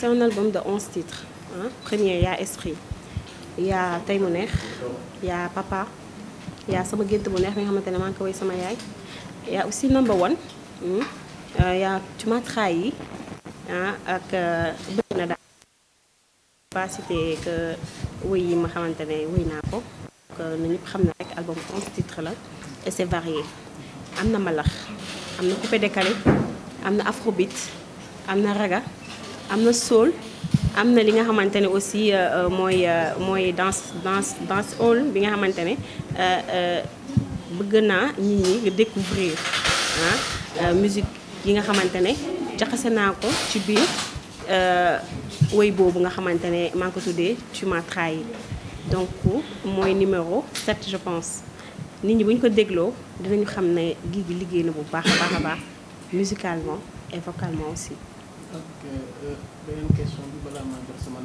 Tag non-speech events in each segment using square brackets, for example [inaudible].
C'est un album de 11 titres. Hein? Premier, y a Esprit, il y mu neex il y a Papa, il Sama gént bu neex mi nga xamante ne maa ngi ko woy sama yaay. Il y a aussi Number One, hein? Hmm. euh, il ak euh, bëgg na daal capacité que woy yi ma xamante ne woy naa ko nu euh, ñëpp xam na rek album 11 titres la et c'est varié am na malax am na coupé décalé am na afrobeat am na raga am na sol am na li nga xamante ne aussi euh, euh, mooy euh, mooy danse danse danse hall bi nga xamante ne bëgg naa nit ñi nga découvrir ah yi nga xamante ne jaxase naa ko ci biir woy boobu nga xamante ne maa ngi ko tuddee tu m'as donc mooy numéro 7 je pense nit ñi buñ ko dégloo dinañu xam ne gi liggéey na bu baax a baax a baax musicalement et vocalement aussi ok eh, beneen eh, eh, waa [laughs] xam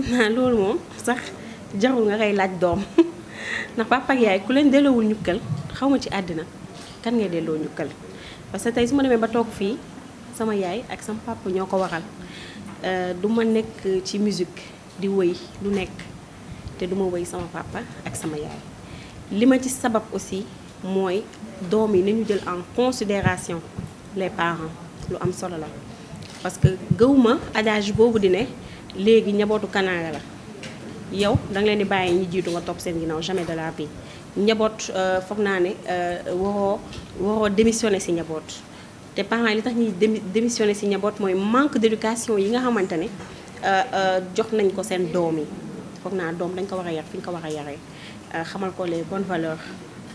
naa loolu moom sax jarul nga koy laaj doom [laughs] ndax papa ak yaay ku leen delloowul ñukkal xaw ma ci àddina kan ngay delloo ñukkal parce que tey su ma demee ba toog fii sama yaay ak sama papa ñoo ko waral du ma nekk ci musique di wëy lu nekk te du ma wëy sama papa ak sama yaay. li ma ci sabab aussi mooy doom yi nañu jël en considération les parents lu am solo la parce que gëwuma adage boobu di ne léegi njabootu Kanaara la yow da leen di bàyyi ñi jiitu nga topp seen ginnaaw jamais de la vie njaboot euh, foog naa ne euh, waroo waroo démissionner ci njaboot te parents li tax ñuy démissionner ci njaboot mooy manque d'éducation yi nga xamante ne euh, jox nañ ko seen doom yi foog naa doom dañ ko war a yar fi ñu ko war a yare Euh, xamal ko les bonnes valeur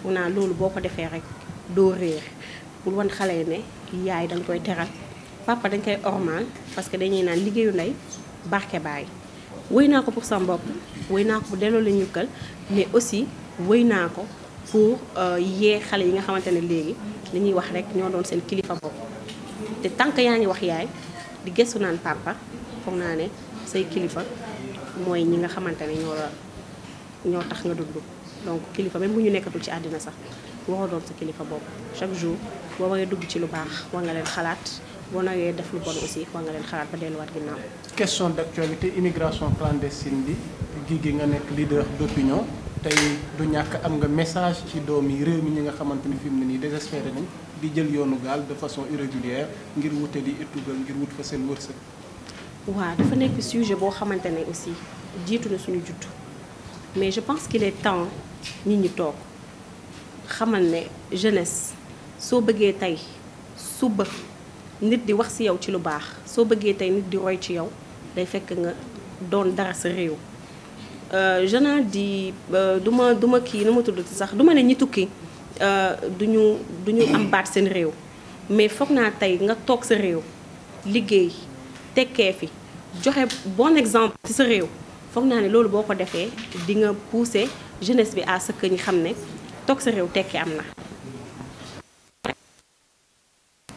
mu naa loolu boo ko defee rek doo réer pour wan xale yi ne yaay dañ koy teral papa dañ koy ormal parce que dañuy naan liggéeyu ndey barke baay wéy naa ko pour sama bopp wéy naa ko pour delloo la njukkal mais aussi wéy naa ko pour euh, yee xale yi nga xamante ne léegi dañuy wax rek ñoo doon seen kilifa bopp te tànk yaa ngi wax yaay di gëstu naan papa foog naa ne say kilifa mooy ñi nga xamante ne ñoo la ñoo tax nga dund donc kilifa même bu ñu nekkatul ci àddina sax waroo doon sa kilifa boobu chaque jour boo waree dugg ci lu baax war nga leen xalaat boo nawee def lu bon aussi war nga leen xalaat ba delluwaat ginnaaw. question d' actualité immigration clandestine bi gi gi nga nekk leader d' opinion tey du ñàkk am nga message ci doom yi réew mi ñi nga xamante ni fi mu ne nii désespéré nañ di jël yoonu gaal de façon irrégulière ngir wute di ittugal ngir wut fa seen wërsëg. waaw dafa nekk sujet boo xamante ne aussi jiitu na suñu juddu. mais je pense qu'il est temps nit ñi toog xamal ne jeunesse soo bëggee tey suba nit di wax ci yow ci lu baax soo bëggee tey nit di roy ci yow day fekk nga doon dara sa réew. Euh, jeunesse di euh, du ma du ma kii nu ma tudd sax du ma ne ñi tukki euh, du ñu du am baat seen réew mais foog naa tey nga toog sa réew liggéey tekkee fi joxe bon exemple ci sa réew. foog naa ne loolu boo ko defee di nga pousser jeunesse bi à sa que xam ne toog sa réew tekki am na.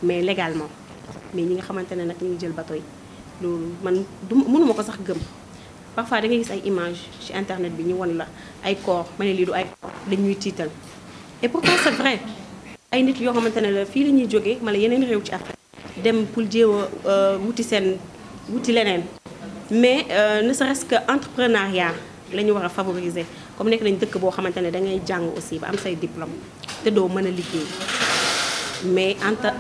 mais légalement mais ñi nga xamante ne nag ñu ngi jël bato yi loolu man du mënuma ko sax gëm parfois da gis ay images ci internet bi ñu won la ay corps ma ne lii du ay corps dañuy tiital et pourtant c'est vrai ay nit yoo xamante ne la fii la ñuy jógee mala yeneen réew ci Afrique dem pour jéew a euh, wuti seen wuti leneen. mais euh, ne serait-ce que entrepreneuriat la ñu war a favoriser comme nekk nañ dëkk boo xamante ne da ngay jàng aussi ba am say diplôme te doo mën a liggéey mais entre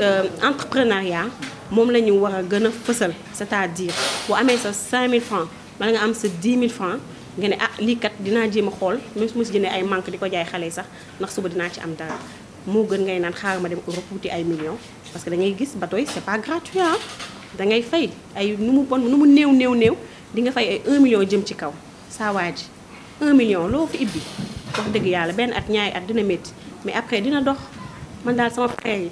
euh, entrepreneuriat moom la ñu war a gën a fësal c'est-à-dire boo amee sa 5000 francs bala nga am sa 10 mille francs nga ne ah lii kat dinaa jéem a xool même su ma si jëndee ay manque di ko jaay xale yi sax ndax suba dinaa ci am dara moo gën ngay naan xaaral ma dem Europe wuti ay million parce que da ngay gis bateau da ngay fay ay nu mu bon nu mu néew néew néew di nga fay ay un million jëm ci kaw saa waa ji 1 million loo fi ibbi wax dëgg yàlla benn at ñaari at dina métti mais après dina dox man daal sama frère yi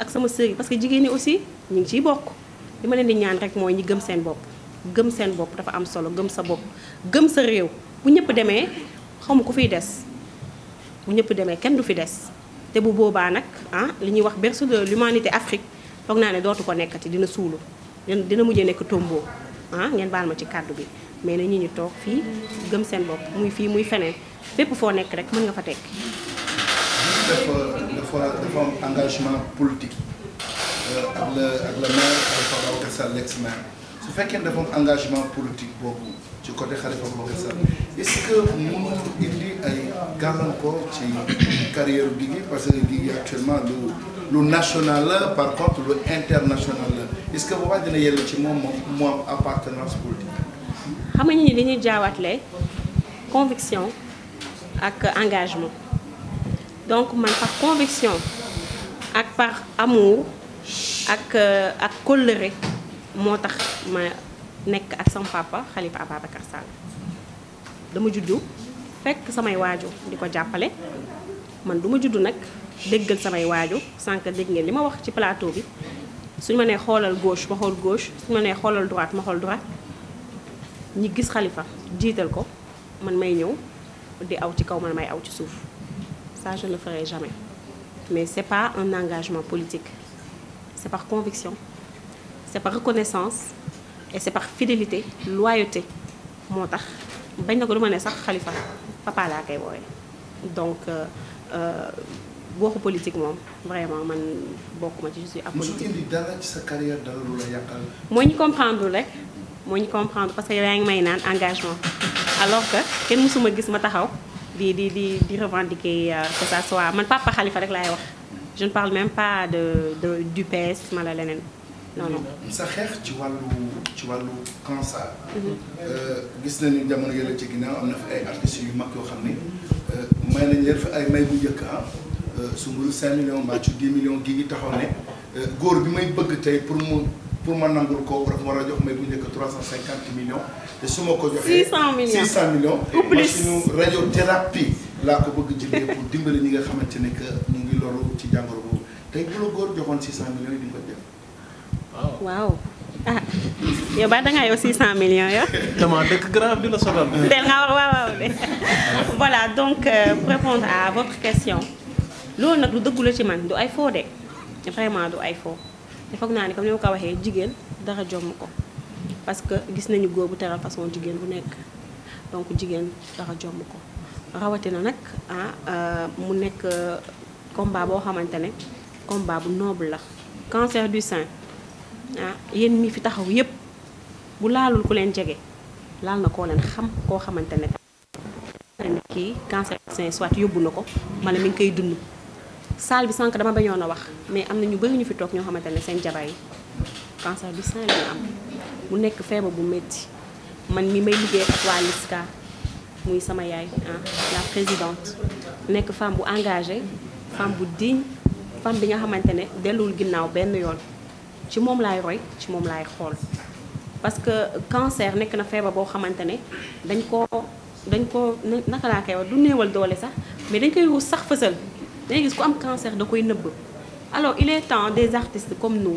ak sama sœur parce que jigéen ni aussi ñu ngi ciy bokk li ma leen di ñaan rek mooy ñi gëm seen bopp gëm seen bopp dafa am solo gëm sa bopp gëm sa réew bu ñëpp demee xamu ko fiy des bu ñëpp demee kenn du fi des te bu boobaa nag ah li ñuy wax berceau de l'humanité Afrique foog naa ne dootu ko nekkati dina suulu dina mujjee nekk tomboo ah ngeen baal ma ci kàddu bi mais na ñu ñu toog fii gëm seen bopp muy fii muy feneen fépp foo nekk rek mën nga fa tekk dafa dafa engagement politique euh, ak la ak la maire Alpha Babacar Sall l'ex-maire su fekkee dafa am engagement politique boobu ci côté Khalifa Ababacar Sall est-ce que mënul indi ay gàllankoor ci carrière Guigui parce que Guigui actuellement lu national la par contre lu international la est-ce que boobaa dina ci moom moom mu am appartenance politique. xam nga ni li ñuy jaawaatle conviction ak engagement donc man par conviction ak par amour ak euh, ak moo tax. ma nekk ak sama papa Khalifa Ababacar Sall dama juddu fekk samay waajur di ko jàppale man du ma juddu nag déggal samay waajur sànq dégg ngeen li ma wax ci plateau bi suñ ma nee xoolal gauche ma xool gauche suñ ma nee xoolal droite ma xool droite ñi gis xalifa jiital ko man may ñëw di aw ci kaw man may aw ci suuf ça je ne le ferai jamais mais c'est pas un engagement politique c'est par conviction c'est par reconnaissance et c'est par fidélité loyauté moo tax bañ na ko du ma ne sax xalifa papa laa koy woowee donc euh, euh, waxu politique moom vraiment man bokkuma ci je suis apolitique. indi dara ci sa carrière dara lu la yàqal. moo comprendre rek moo ñu comprendre parce que yow yaa ngi may naan engagement alors que kenn mësuma gis ma taxaw di di di di revendiquer euh, que ça man papa xalifa rek laay wax je parle même pas de de du PS ma la leneen. non non sa xeex ci wàllu ci wàllu cancer. Mhm. Euh, gis nañu jamono yële ci ginnaaw am na fi ay artistes yu mag yoo xam ne euh, may nañ leen fi ay may bu njëkk ah euh, su mburu 5 millions mbaa ci millions gii ngi taxaw ne góor bi may bëgg tey pour mu pour ma nangul ko war war a jox may bu njëkk 350 millions te su ma ko joxee. 600 millions 600 millions. ou plus machine ko bëgg jëndee pour dimbali ñi nga xamante ne que ngi loru ci jàngoro boobu tey bu la góor joxoon 600 millions yi di nga waaw ah yow ba dangaa yow 600 millions yo dama dëkk grave di la sobal del nga wax waaw de [laughs] voilà donc euh, pour à votre question loolu nag lu dëggu la ci man du ay faux de vraiment du ay faux te foog naa ni comme ni ma ko waxee jigéen dara jomm ko parce que gis nañu góor bu teral façon jigéen bu nekk donc jigéen dara jomm ko rawatina nag ah euh, mu nekk euh, combat boo xamante ne combat bu noble la cancer du sein ah yéen mi fi taxaw yépp bu laalul ku leen jege laal na koo leen xam koo xamante ne kii cancer sein soit yóbbu na ko mala mi ngi koy dund saal bi sànq dama bañoon a wax mais am na ñu bëri ñu fi toog ñoo xamante ne seen jabar yi cancer du sein lañu am mu nekk feebar bu metti man mi may liggéey ak waa LISCA muy sama yaay ah la présidente nekk femme bu engagée femme bu digne femme bi nga xamante ne delluwul ginnaaw benn yoon ci moom laay roy ci moom laay xool parce que cancer nekk na feebar boo xamante ne dañ ko dañ ko naka laa koy wax du néewal doole sax mais dañ koy ruus sax fësal dañuy gis ku am cancer da koy nëbb alors il est temps des artistes comme nu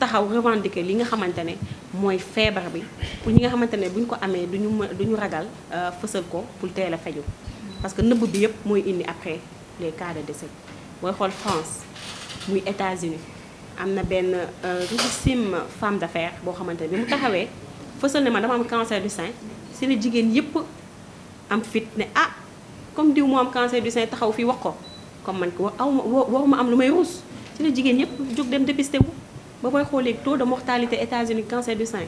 taxaw revendiquer li nga xamante ne mooy feebar bi pour ñi nga xamante ne bu ko amee du ñu ragal euh, fësal ko pour teel a feju parce que nëbb bi yëpp mooy indi après les cas de décès booy xool France muy États-Unis am na benn euh, richissime femme d'affaires boo xamante ne bi mu taxawee fësal ne ma dama am cancer du sein si la jigéen yëpp am fit ne ah comme diw moo am cancer du sein taxaw fii wax ko comme man ko aw ma waruma am lu may ruus si la jigéen yëpp jóg dem dépisté wu ba booy xoolee taux de mortalité États-Unis cancer du sein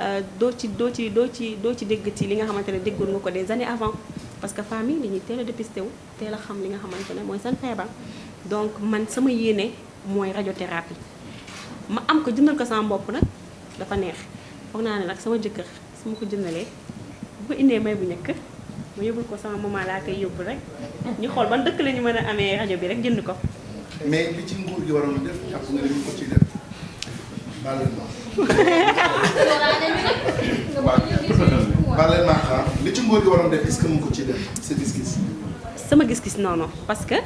euh, doo ci doo ci doo ci doo ci dégg ci li nga xamante ne déggoon nga ko des années avant parce que famille dañuy teel a dépisté wu teel a xam li nga xamante ne mooy seen feebar donc man sama yéene mooy rajo radiothérapie ma am ko jëndal ko sama bopp nag dafa neex foog naa ne nag sama jëkkër su ma ko jëndalee bu ko indee may bu ñëkk ma yóbbul ko sama maman laa koy yóbbu rek ñu xool ban dëkk la ñu mën a amee rajo bi rek jënd ko. mais li ci nguur gi waroon def jàpp nga dañu def baal ah. que mu ko ci def sa gis-gis. sama gis-gis non non parce que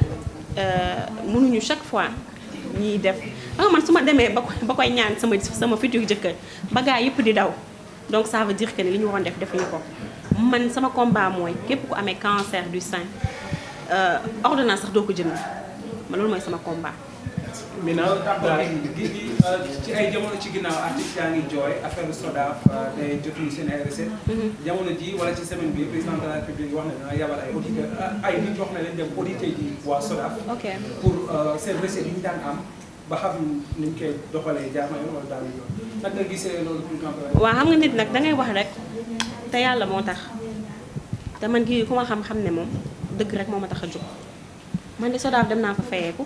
euh, mënuñu chaque fois. ñiy def xam ah, nga man su ma demee ba ba koy ñaan sama sama futur jëkkër ba gaa yëpp di daw donc ça veut dire que li ñu waroon def defuñu ko man sama combat mooy képp ku amee cancer du sein euh, ordonnance sax doo ko jënd ma loolu mooy sama combat Mina daal gi euh, ci ay jamono ci ginnaaw artiste yaa ngi jooy affaire SODAV euh, day jotuñu seen ay recette. Mm-hmm. jamono ji wala ci semaine bi président de la république wax na dana yabal euh, na leen dem auditeurs yi waa SODAV. pour seen recette yi ñu daan am ba xam ni ñu koy doxalee jaar na yoon wala daal yoon. nag nga gisee loolu président nit nag da ngay wax rek te yàlla moo tax te man kii ku ma xam-xam ne moom dëgg rek moom a tax a jóg man de SODAV dem naa fa fayeeku.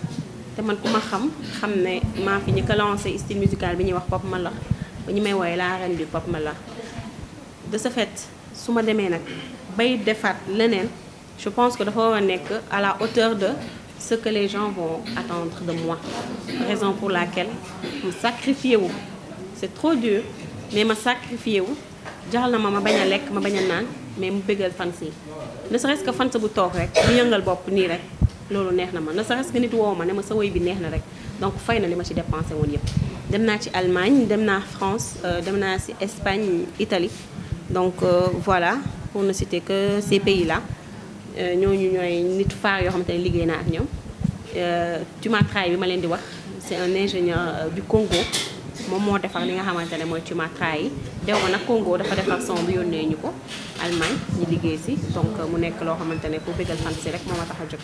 te man ku ma xam xam ne maa ñu ko lancé style musical bi ñuy wax Pop Malax ba ñu may woowee la reine du Pop Malax de ce fait su ma demee nag bay defaat leneen je pense que dafa war a nekk à la hauteur de ce que les gens vont attendre de moi raison pour laquelle mu sacrifié wu c'est trop dur mais ma sacrifié wu jaxal na ma ma bañ a lekk ma bañ naan mais mu bëggal fans yi ne serait-ce que bu toog rek bu yëngal bopp nii rek loolu neex na ma ne sax que nit woo ma ne ma sa woy bi neex na rek donc fay na li ma ci dépensé woon yëpp dem naa ci Allemagne dem naa France euh, dem naa ci Espagne Italie donc euh, voilà pour ne citer que ces pays là euh, ñooñu ñooy nit faar yoo xamante ne liggéey naa ak ñoom Tumatraay bi ma leen di wax c'est un ingénieur du Congo moom moo defar li nga xamante ne mooy Tumatraay yi dew ma nag Congo dafa defar son bi yónnee ñu ko Allemagne ñu liggéey si donc mu nekk loo xamante ne pour bëggal si rek moo ma tax a jóg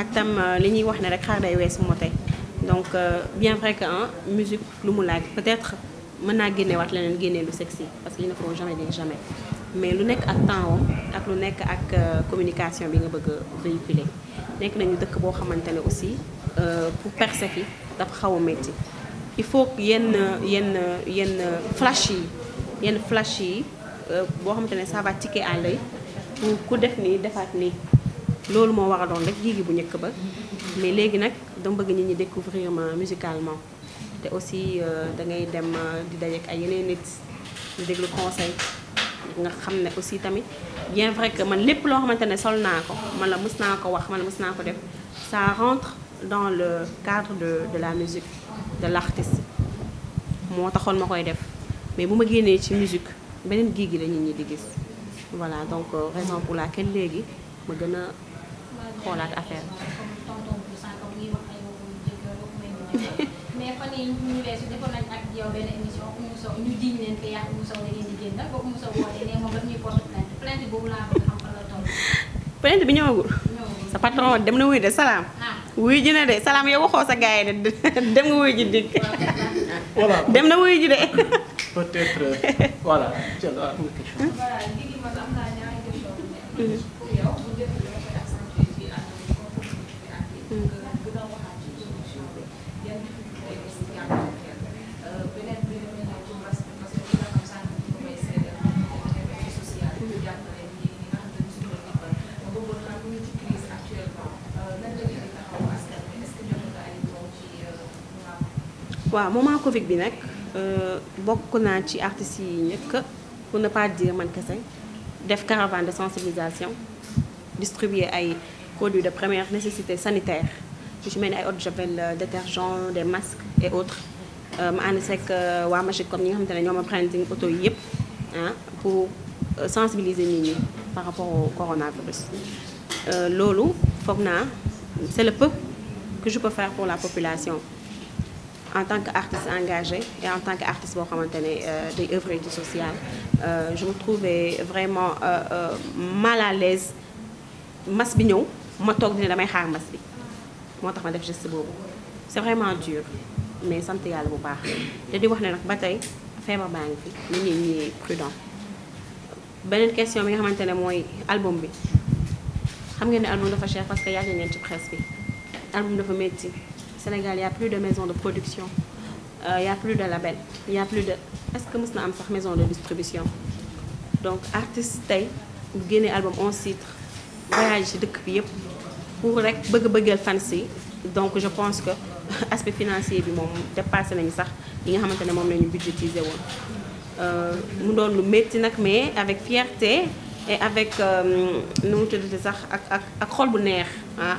ak tam euh, li ñuy wax ne rek xaar day wees moo tey donc euh, bien vrai que ah musique lu mu laaj peut-être mën naa génneewaat leneen génnee lu sexy parce que il ne faut jamais dire mais lu nekk ak temps wam ak lu nekk ak euh, communication bi nga bëgg a nekk nañu dëkk boo xamante ne aussi pour percer fi dafa xaw a métti il faut yenn yenn yenn flash yi yenn flash yi boo xamante ne ça va tiquer à l'œil pour ku def nii defaat nii loolu moo waraloon rek gigi bu njëkk ba mais léegi nag dama bëgg nit ñi découvrir ma musicalement te aussi euh, da ngay dem euh, di dajeek ay yeneen nit di déglu conseil nga xam ne aussi tamit bien vrai que man lépp loo xamante ne sol naa ko man la mës naa ko wax man la mës naa ko def ça rentre dans le cadre de de la musique de l'artiste moo taxoon ma koy def mais bu ma génnee ci musique beneen gigi gi nit ñi di gis voilà donc euh, raison pour laquelle léegi ma xoolaat bi ñëwagul. sa patron dem na wuy de salaam. Ah. wuy ji na de salaam yow waxoo sa gars de dem nga wuy ji dig. dem na wuy ji de. waaw moment Covid bi nag euh, bokk naa ci artistes yi njëkk pour ne pas dire man kese def caravane de sensibilisation distribuer ay produits de première nécessité sanitaire yu ci mel ni ay eau de javel euh, détergent des masques et autres euh, ma ànd seeg waa Magic comme ñi nga xamante ne ñoo ma branding auto yi yëpp pour sensibiliser nit ñi par rapport au coronavirus. loolu foog naa c'est le peu que je peux faire pour la population. en tant qu'artiste engagée et en tant qu'artiste boo xamante ne euh, day œuvrer du social euh, je me trouvais vraiment euh, mal à l'aise mas bi ñëw ma toog di damay xaar mas bi moo tax ma def geste boobu c'est vraiment dur mais sant yàlla bu baax te di wax ne nag ba tey feebar baa ngi fi nit ñi ñi prudent beneen question bi nga xamante ne mooy album bi xam ngeen ne album dafa cher parce que yàgg ngeen ci presse bi album dafa métti Sénégal y' plus de maison de production euh, plus de label y' a plus de est-ce que mës na am sax maison de distribution donc artiste tey bu génnee album 11 titres voyage ci dëkk bi yëpp pour rek bëgg bëggal fans si donc je pense que [laughs] aspect financier bi moom dépassé nañu sax yi nga xamante ne moom la ñu budgétisé woon euh, mu doon lu métti nag mais avec fierté et avec euh, nu mu tuddati sax ak ak ak xol bu neex ah,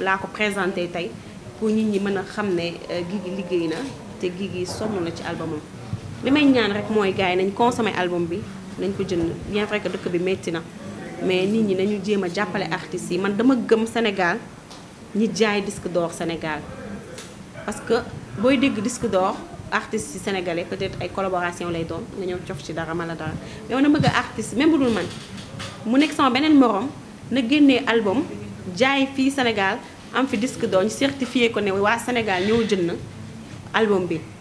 laa ko présenté tey pour nit ñi mën a xam ne euh, Guigui liggéey na te gii Guigui sonn na ci albumam li may ñaan rek mooy gars yi nañ consommer album bi nañ ko jënd bien vrai que dëkk bi métti na mais nit ñi nañu jéem a jàppale artistes yi man dama gëm senegal ñi jaay disque d'or Sénégal parce que booy dégg disque d'or artistes yi sénégalais peut-être ay collaboration lay doon nga ñëw cof ci dara mala dara mais man dama bëgg artiste même bu dul man mu nekk sama beneen morom na génnee album jaay fii Sénégal am fi disque d'or ñu certifié ko ne waa Sénégal ñëw jënd album bi.